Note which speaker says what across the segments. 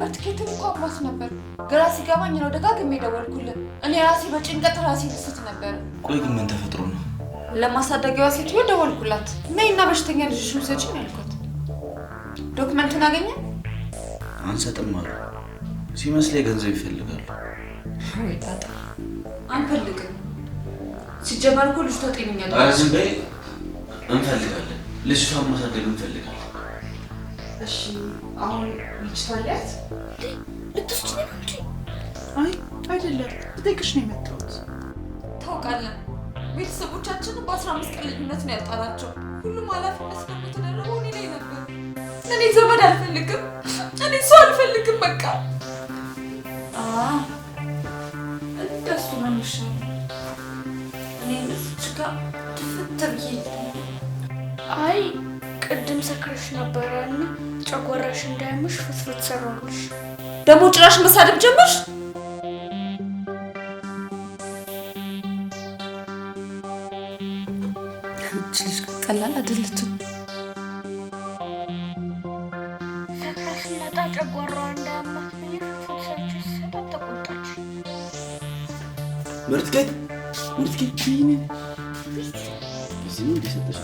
Speaker 1: በትኬትም እንኳን ማስ ነበር። ግራ ሲገባኝ ነው ደጋግሜ የደወልኩልን። እኔ ራሴ በጭንቀት ራሴ ልስት ነበር።
Speaker 2: ቆይ ግን ምን ተፈጥሮ ነው?
Speaker 1: ለማሳደጊያዋ ሴትዮ ደወልኩላት። እና በሽተኛ ልጅሽን ነው አልኳት። ዶክመንቱን አገኘ?
Speaker 2: አንሰጥም አሉ። ሲመስለኝ ገንዘብ ይፈልጋሉ።
Speaker 1: ወይ ጣጣ፣ አንፈልግም። ሲጀመር እኮ ልጅቷ ጤነኛ
Speaker 2: እንፈልጋለን። ልጅቷን ማሳደግ እንፈልጋለን።
Speaker 1: እሺ አሁን ልጅ ታያት ነው እንዴ? አይ አይደለም፣ ልጠይቅሽ ነው የመጣሁት። ታውቃለህ ቤተሰቦቻችን በአስራ አምስት ቀን ልዩነት ነው ያጣናቸው። ሁሉም ኃላፊነት ስለተደረገው እኔ ላይ ነበር። እኔ ዘመድ አልፈልግም፣ እኔ ሰው አልፈልግም። በቃ እንደሱ ነው የሚሻለው። እኔ ምስችጋ ድፍት ብዬ አይ ቅድም ሰክረሽ ነበረ እና ጨጓራሽ እንዳያምሽ ፍትፍት ሰራሁልሽ። ደግሞ ጭራሽ መሳደብ ጀመርሽ። ቀላል አይደለችም።
Speaker 2: ምርትጌት ምርትጌት ይህን እዚህ ነው እንደሰጠሽ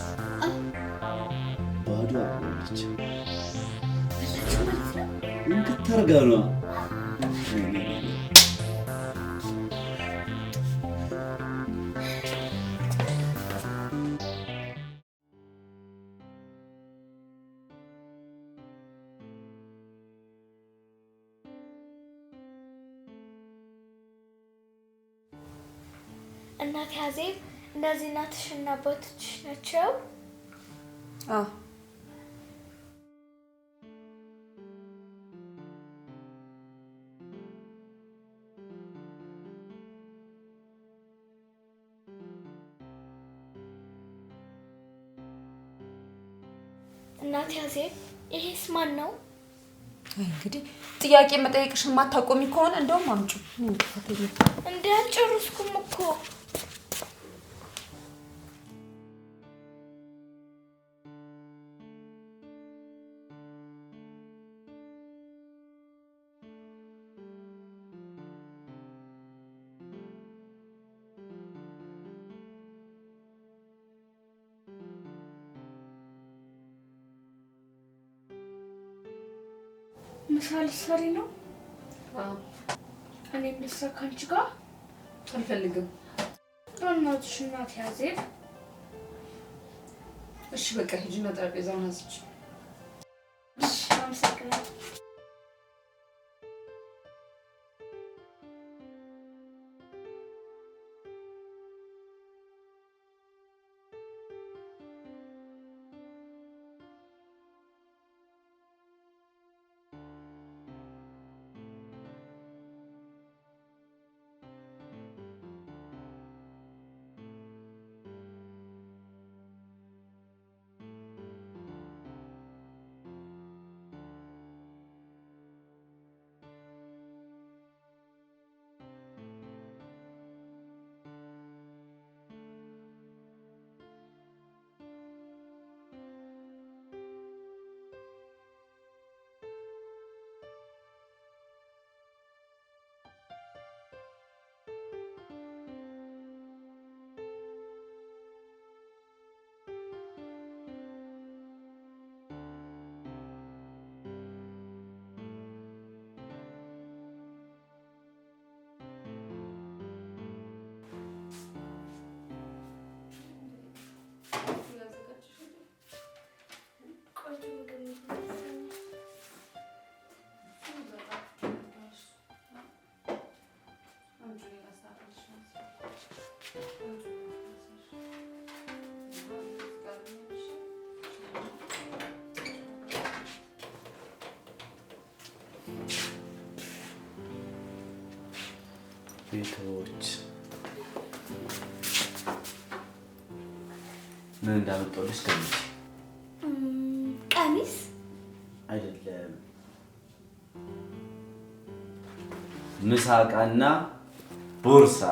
Speaker 2: አርጋ ነው
Speaker 1: እናት ያዜብ እንደዚህ እናትሽ እና አባትሽ ናቸው። ማን ነው? እንግዲህ ጥያቄ መጠየቅሽን ማታቆሚ ከሆነ እንደውም አምጪው። እንደ እኮ ስራ ልትሰሪ ነው? እኔም ልስራ ከአንቺ ጋር አልፈልግም። በእናትሽ እናት ያዜብ። እሺ በቃ ሂጂና ጠረጴዛውን አዝች። አመሰግናለሁ።
Speaker 2: ቤቶች ምን እንዳመጣሁልሽ? ቀሚስ ቀሚስ አይደለም፣ ምሳቃና ቦርሳ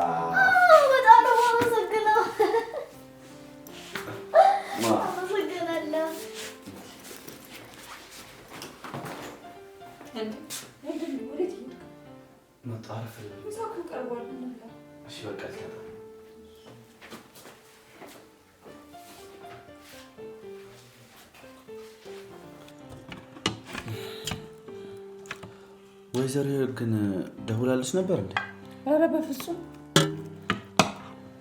Speaker 2: ወይዘሮ ግን ደውላለች ነበር እንዴ?
Speaker 1: ኧረ በፍጹም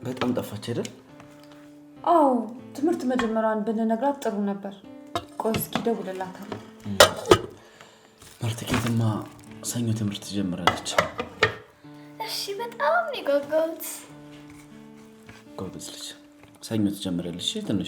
Speaker 2: በጣም ጠፋች አይደል?
Speaker 1: አዎ ትምህርት መጀመሪያዋን ብንነግራት ጥሩ ነበር። ቆይ እስኪ ደውልላታለሁ።
Speaker 2: ማርትኬትማ ሰኞ ትምህርት ትጀምራለች።
Speaker 1: በጣም ነው የጓጓሁት።
Speaker 2: ጎበዝ ልጅ። ሰኞ ትጀምራለሽ ትንሿ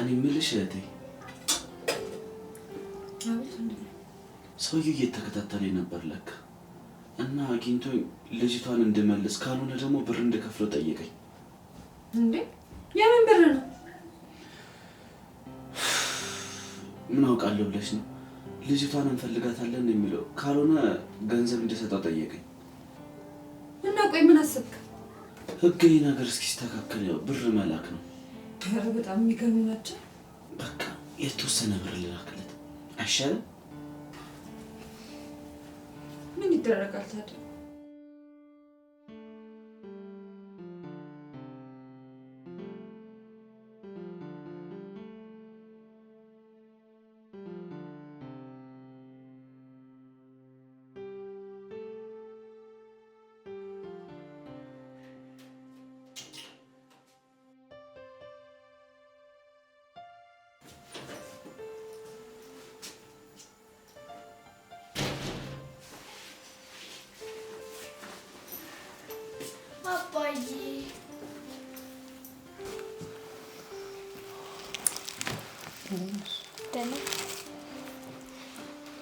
Speaker 2: እኔ የምልሽ እህቴ፣ ሰውዬው እየተከታተለኝ ነበር ለካ እና አግኝቶ ልጅቷን እንድመልስ ካልሆነ ደግሞ ብር እንድከፍለው ጠየቀኝ።
Speaker 1: እንዴ የምን ብር ነው?
Speaker 2: ምን አውቃለሁ ብለሽ ነው? ልጅቷን እንፈልጋታለን የሚለው ካልሆነ ገንዘብ እንድሰጠው ጠየቀኝ።
Speaker 1: እና ቆይ ምን አሰብክ?
Speaker 2: ህግ ይህ ነገር እስኪስተካከል ያው ብር መላክ ነው
Speaker 1: ያሉ በጣም የሚገርሙ ናቸው።
Speaker 2: በቃ የተወሰነ ብር ልላክለት አይሻልም?
Speaker 1: ምን ይደረጋል ታዲያ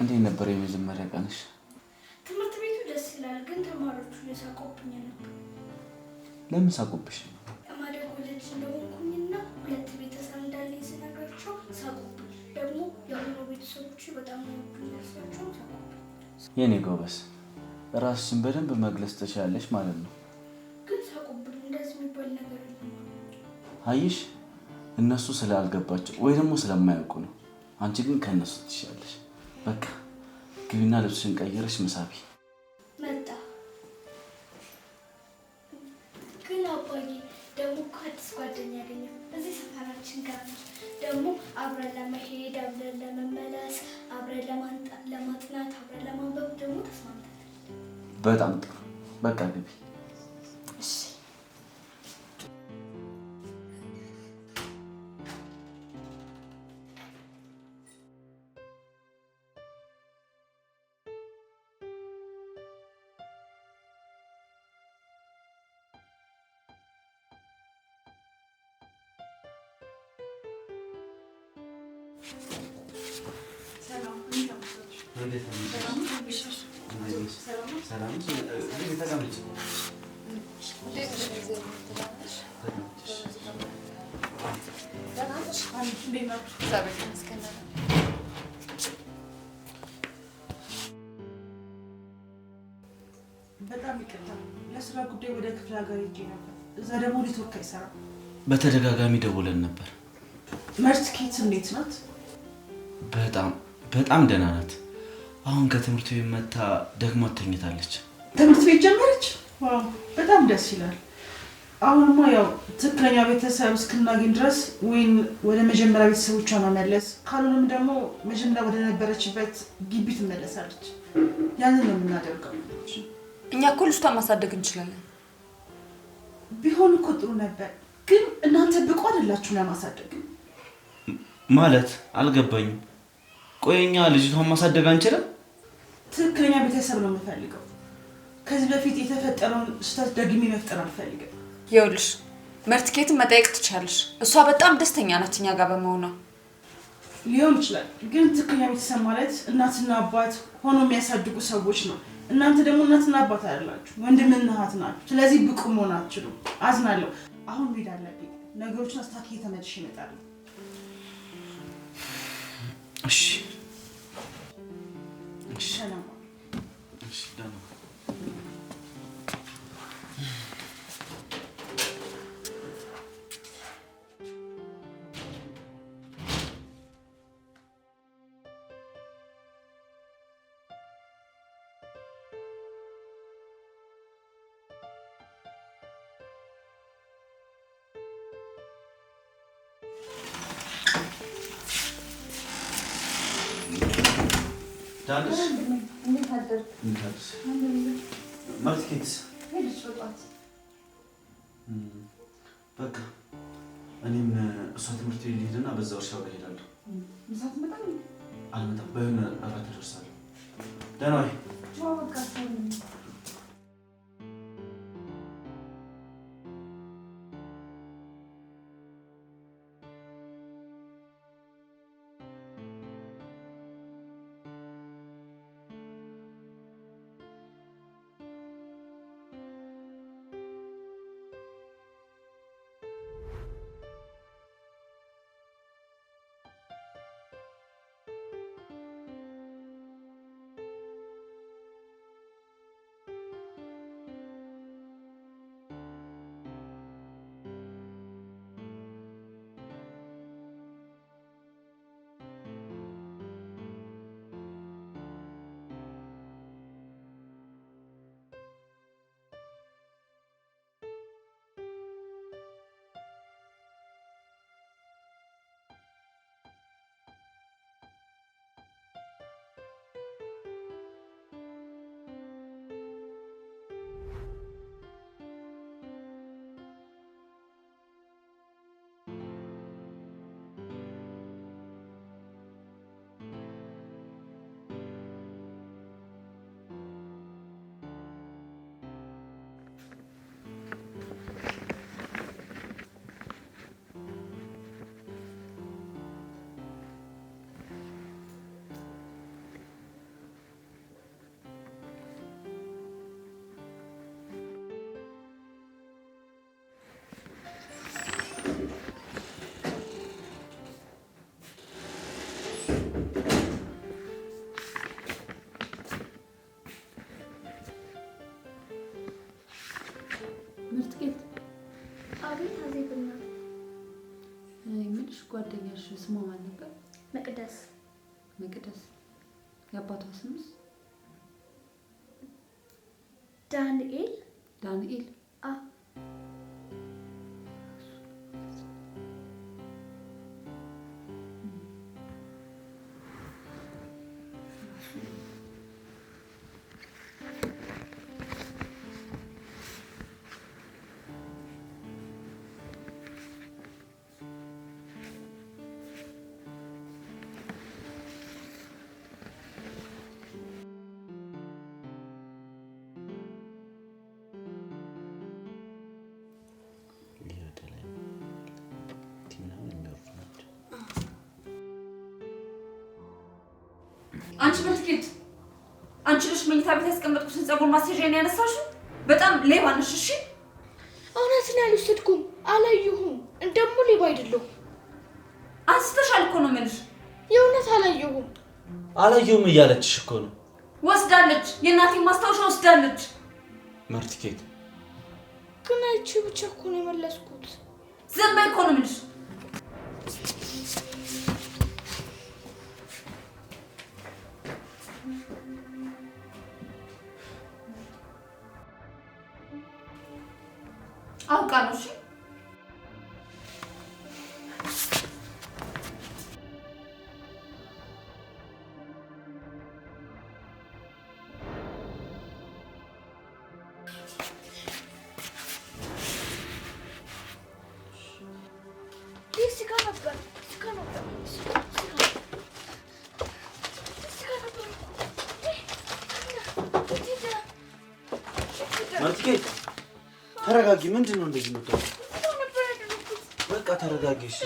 Speaker 2: እንዴት ነበር የመጀመሪያ ቀንሽ?
Speaker 1: ትምህርት ቤቱ ደስ ይላል፣ ግን ተማሪዎቹ የሳቁብኝ ነበር።
Speaker 2: ለምን ሳቁብሽ?
Speaker 1: እንደሆንኩኝና ሁለት ቤተሰብ እንዳለኝ ስነግራቸው ሳቁብኝ። ደግሞ የሆኑ ቤተሰቦች በጣም ሳቁብኝ።
Speaker 2: የኔ ጎበስ ራስሽን በደንብ መግለጽ ትችላለሽ ማለት ነው።
Speaker 1: ግን ሳቁብኝ። እንደዚህ የሚባል ነገር
Speaker 2: አየሽ፣ እነሱ ስላልገባቸው ወይ ደግሞ ስለማያውቁ ነው። አንቺ ግን ከእነሱ ትሻለሽ በቃ ግቢና ልብስሽን ቀይረሽ መሳቢ።
Speaker 1: መጣ ግን አባዬ ደግሞ እኮ አዲስ ጓደኛ ያገኘ እዚህ ሰፈራችን ጋር ነው። ደግሞ አብረን ለመሄድ አብረን ለመመለስ አብረን ለማጥናት አብረን ለማንበብ ደግሞ ተስማምተናል።
Speaker 2: በጣም ጥሩ። በቃ ግቢ
Speaker 1: ለስራ ጉዳይ ወደ ክፍለ ሀገር ሄጄ ነበር። እዛ ደግሞ ኔትወርክ አይሰራም።
Speaker 2: በተደጋጋሚ ደውለን ነበር።
Speaker 1: መርት ኬት እንዴት ናት?
Speaker 2: በጣም በጣም ደህና ናት። አሁን ከትምህርት ቤት መታ ደግሞ ተኝታለች።
Speaker 1: ትምህርት ቤት ጀመረች? ዋው በጣም ደስ ይላል። አሁንማ ያው ትክክለኛ ቤተሰብ እስክናገኝ ድረስ ወይም ወደ መጀመሪያ ቤተሰቦቿ መመለስ ካልሆነም ደግሞ መጀመሪያ ወደነበረችበት ግቢ ትመለሳለች። ያንን ነው የምናደርገው። እኛ እኮ ልጅቷን ማሳደግ እንችላለን። ቢሆን እኮ ጥሩ ነበር፣ ግን እናንተ ብቁ አይደላችሁ ለማሳደግ።
Speaker 2: ማለት አልገባኝም። ቆይ እኛ ልጅቷን ማሳደግ አንችልም?
Speaker 1: ትክክለኛ ቤተሰብ ነው የምፈልገው። ከዚህ በፊት የተፈጠረውን ስህተት ደግሜ መፍጠር አልፈልግም። ይኸውልሽ መርትኬትን መጠየቅ ትችያለሽ። እሷ በጣም ደስተኛ ናት እኛ ጋር በመሆኗ። ሊሆን ይችላል፣ ግን ትክክለኛ ቤተሰብ ማለት እናትና አባት ሆኖ የሚያሳድጉ ሰዎች ነው እናንተ ደግሞ እናትና አባት አላችሁ፣ ወንድምና እህት ናችሁ። ስለዚህ ብቁ መሆን አትችሉም። አዝናለሁ። አሁን ሄድ አለብኝ። ነገሮችን አስታክ የተመልሽ ይመጣል። እሺ፣ እሺ፣ ሰላም፣
Speaker 2: እሺ፣ ደህና በቃ እኔም እሷ ትምህርት ቤት ልሄድና በዛ እርሻው ላይ እሄዳለሁ። አልመጣም፣ በሆነ እራት እደርሳለሁ። ደህና ዋይ
Speaker 1: ጓደኛሽ ስሟ ማን ነበር? መቅደስ። መቅደስ። የአባቷ ስምስ? አንቺ በትኬት አንቺ ልጅ መኝታ ቤት ያስቀመጥኩትን ፀጉር ማስያዣን ያነሳሽው በጣም ሌባ ነሽ። እሺ እውነት ነው ያልወሰድኩም አላየሁም። እንደሞ ሌባ አይደለሁም። አንስተሻል እኮ ነው የምልሽ። የእውነት አላየሁም።
Speaker 2: አላየሁም እያለችሽ እኮ ነው።
Speaker 1: ወስዳለች፣ የእናቴ ማስታወሻ ወስዳለች። መርትኬት ግን አይቼ ብቻ እኮ ነው የመለስኩት። ዝም በይ እኮ ነው የምልሽ Alcanoși. Sıkan atlarım, sıkan atlarım, sıkan atlarım.
Speaker 2: 間違えた ተረጋጊ። ምንድን ነው እንደዚህ መጣው? በቃ ተረጋጊ። እሺ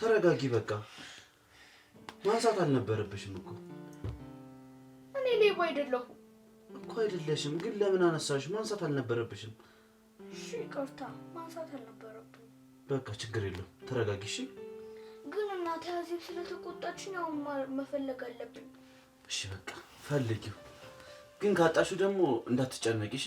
Speaker 2: ተረጋጊ። በቃ ማንሳት አልነበረብሽም እኮ
Speaker 1: እኔ ሌባ አይደለሁም
Speaker 2: እኮ። አይደለሽም፣ ግን ለምን አነሳሽ? ማንሳት አልነበረብሽም።
Speaker 1: እሺ ይቅርታ፣ ማንሳት አልነበረብኝ።
Speaker 2: በቃ ችግር የለም ተረጋጊ። እሺ
Speaker 1: ግን እናቴ አዜብ ስለተቆጣች ነው መፈለግ አለብኝ።
Speaker 2: እሺ በቃ ፈልጊው፣ ግን ካጣሹ ደግሞ እንዳትጨነቂ እሺ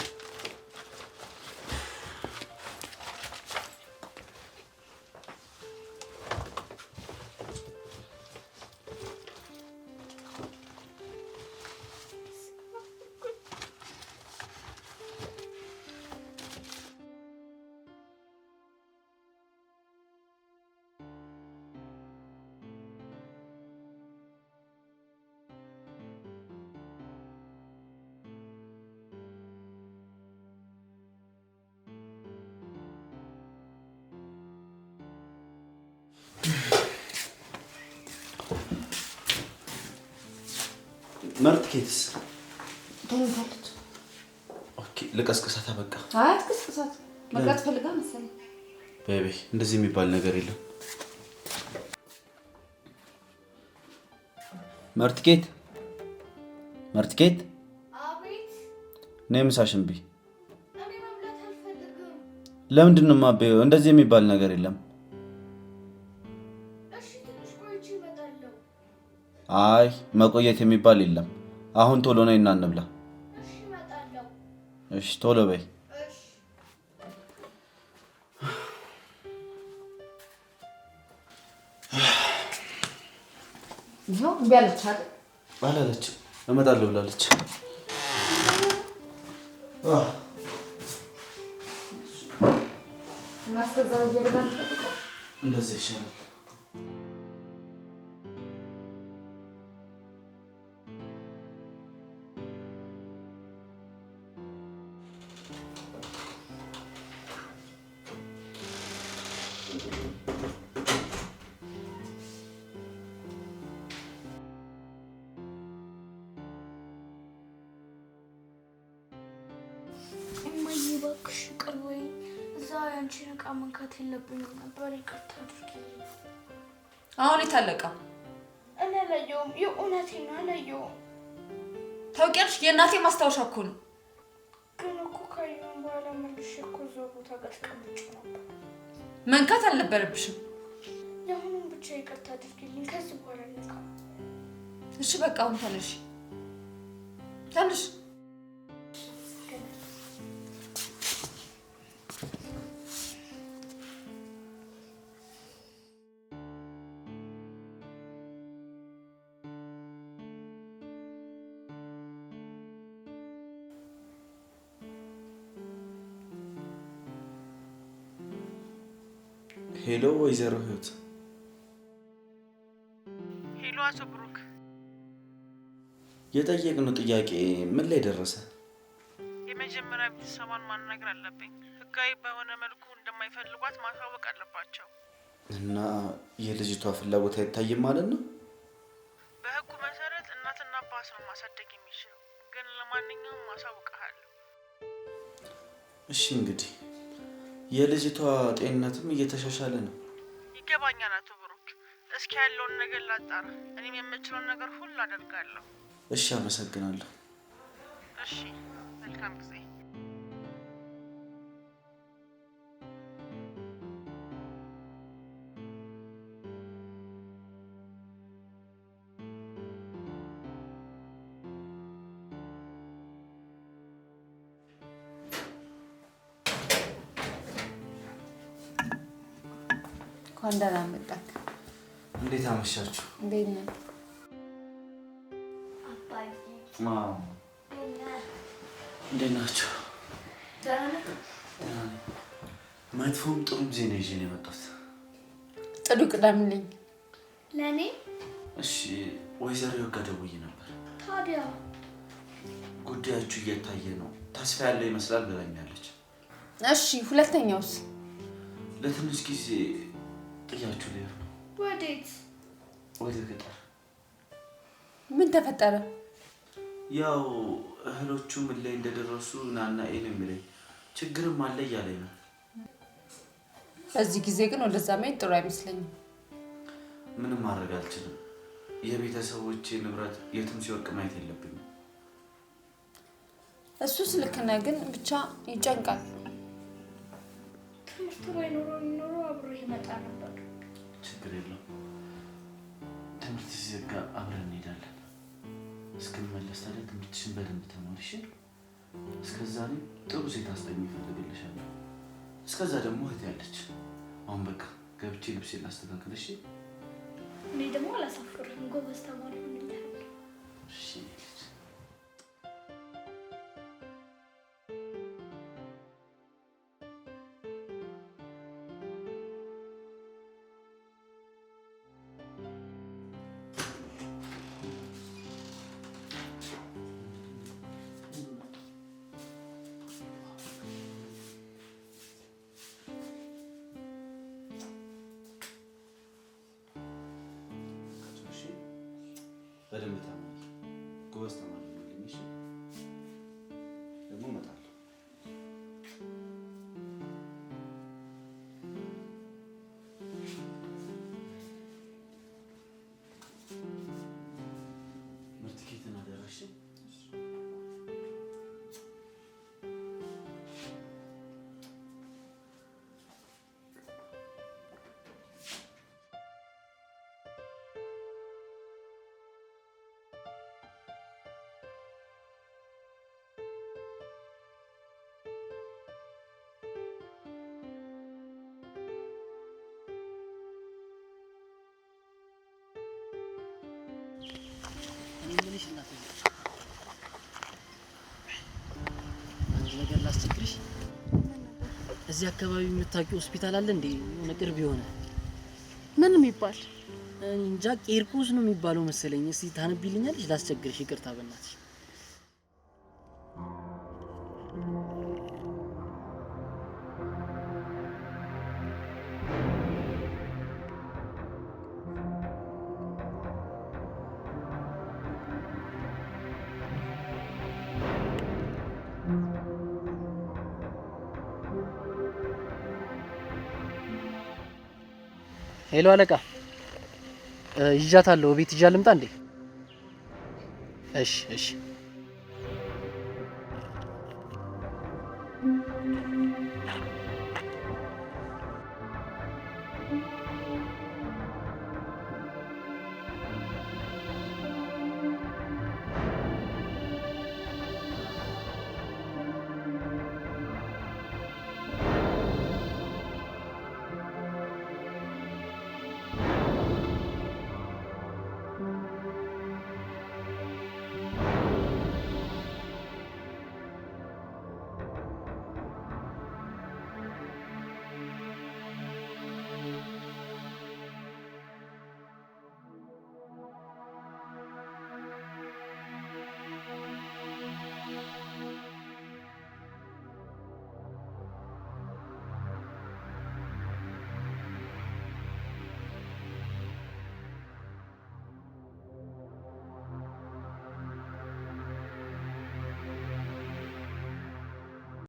Speaker 2: መርጥ ኬትስ ተኝታለች። ልቀስቅሳት በቃ።
Speaker 1: አይ አትቀስቅሳት፣ መርጋት ፈልጋ መሰለኝ።
Speaker 2: ቤቢ እንደዚህ የሚባል ነገር የለም። መርትኬት መርትኬት፣ አቤት። ነይ ምሳሽን ብይ። ለምንድን ነው የማበይው? እንደዚህ የሚባል ነገር የለም። አይ መቆየት የሚባል የለም። አሁን ቶሎ ነው እና እንብላ። እሺ ቶሎ በይ። አላለች እመጣለሁ ብላለች። እንደዚህ ይሻላል።
Speaker 1: እማዬ እባክሽ ይቅር በይኝ። እዛ ያንቺን መንካት የለብኝም ነበር። ይቅርታ አድርጊ። አሁን የታለቃ አላየሁም። ነው አላየሁም። ታውቂያለሽ፣ የእናቴ ማስታወሻ እኮ ነው። ግን እኮ ካየሁም በኋላ መልሼ እኮ እዛው ቦታ ጋር ተቀምጬ ነበር። መንካት አልነበረብሽም። ለሁሉም ብቻ ይቅርታ አድርግልኝ። ከዚህ በኋላ እሺ፣ በቃ አሁን ተነሽ፣ ተነሽ
Speaker 2: ሄሎ ወይዘሮ ህይወት።
Speaker 1: ሄሎ አቶ ብሩክ።
Speaker 2: የጠየቅነው ጥያቄ ምን ላይ ደረሰ?
Speaker 1: የመጀመሪያ ቤተሰቧን ማናገር አለብኝ። ህጋዊ በሆነ መልኩ እንደማይፈልጓት ማሳወቅ አለባቸው።
Speaker 2: እና የልጅቷ ፍላጎት አይታይም ማለት ነው?
Speaker 1: በህጉ መሰረት እናትና አባት ነው ማሳደግ የሚችለው፣ ግን ለማንኛውም ማሳውቅሃለሁ።
Speaker 2: እሺ እንግዲህ የልጅቷ ጤንነትም እየተሻሻለ ነው።
Speaker 1: ይገባኛል አቶ ብሩክ። እስኪ ያለውን ነገር ላጣራ፣ እኔም የምችለውን ነገር ሁሉ አደርጋለሁ።
Speaker 2: እሺ፣ አመሰግናለሁ።
Speaker 1: እሺ፣ መልካም ጊዜ እንኳን ደህና መጣህ።
Speaker 2: እንዴት አመሻችሁ? እንዴት ነህ? እንዴት ናችሁ? መጥፎም ጥሩም ዜና ነው ይዤ ነው የመጣሁት።
Speaker 1: ጥሩ ቅደምልኝ ለእኔ።
Speaker 2: እሺ ወይዘሮ ወጋ ደውዬ ነበር። ታዲያ ጉዳያችሁ እየታየ ነው፣ ተስፋ ያለው ይመስላል ብላኛለች።
Speaker 1: እሺ ሁለተኛውስ?
Speaker 2: ለትንሽ ጊዜ ሊሄድ ነው። ወዴት? ወደ ገጠር። ምን ተፈጠረ? ያው እህሎቹ ምን ላይ እንደደረሱ ናና ኤን የሚለኝ ችግርም አለ እያለኝ ነው።
Speaker 1: በዚህ ጊዜ ግን ወደዛ መሄድ ጥሩ አይመስለኝም።
Speaker 2: ምንም ማድረግ አልችልም። የቤተሰቦቼ ንብረት የትም ሲወርቅ ማየት የለብኝም።
Speaker 1: እሱስ ልክ ነህ፣ ግን ብቻ ይጨንቃል። ትምህርት ባይኖረ ኖሮ አብሮ ይመጣ ነበር።
Speaker 2: ችግር ትምህርት ሲዘጋ አብረን እንሄዳለን። እስክንመለስ ታዲያ ትምህርትሽን በደንብ ተማሪ። እሺ? እስከዛ ጥሩ ሴት አስጠኝ እስከዛ ደግሞ እህት ያለች። አሁን በቃ ገብቼ ልብሴ ላስተካክል። እሺ?
Speaker 1: እኔ ደግሞ አላሳፍርህም። ጎበዝ ተማሪ
Speaker 2: እሺ ነገር ላስቸግርሽ። እዚህ አካባቢ የምታውቂው ሆስፒታል አለ እንዴ? የሆነ ቅርብ የሆነ ምን የሚባል እንጃ፣ ቄርቆስ ነው የሚባለው መሰለኝ። እስቲ ታነቢልኛለሽ? ላስቸግርሽ፣ ይቅርታ በእናትሽ ሄሎ አለቃ፣ ይዣታለሁ። ቤት ይዣ ልምጣ እንዴ? እሺ፣ እሺ።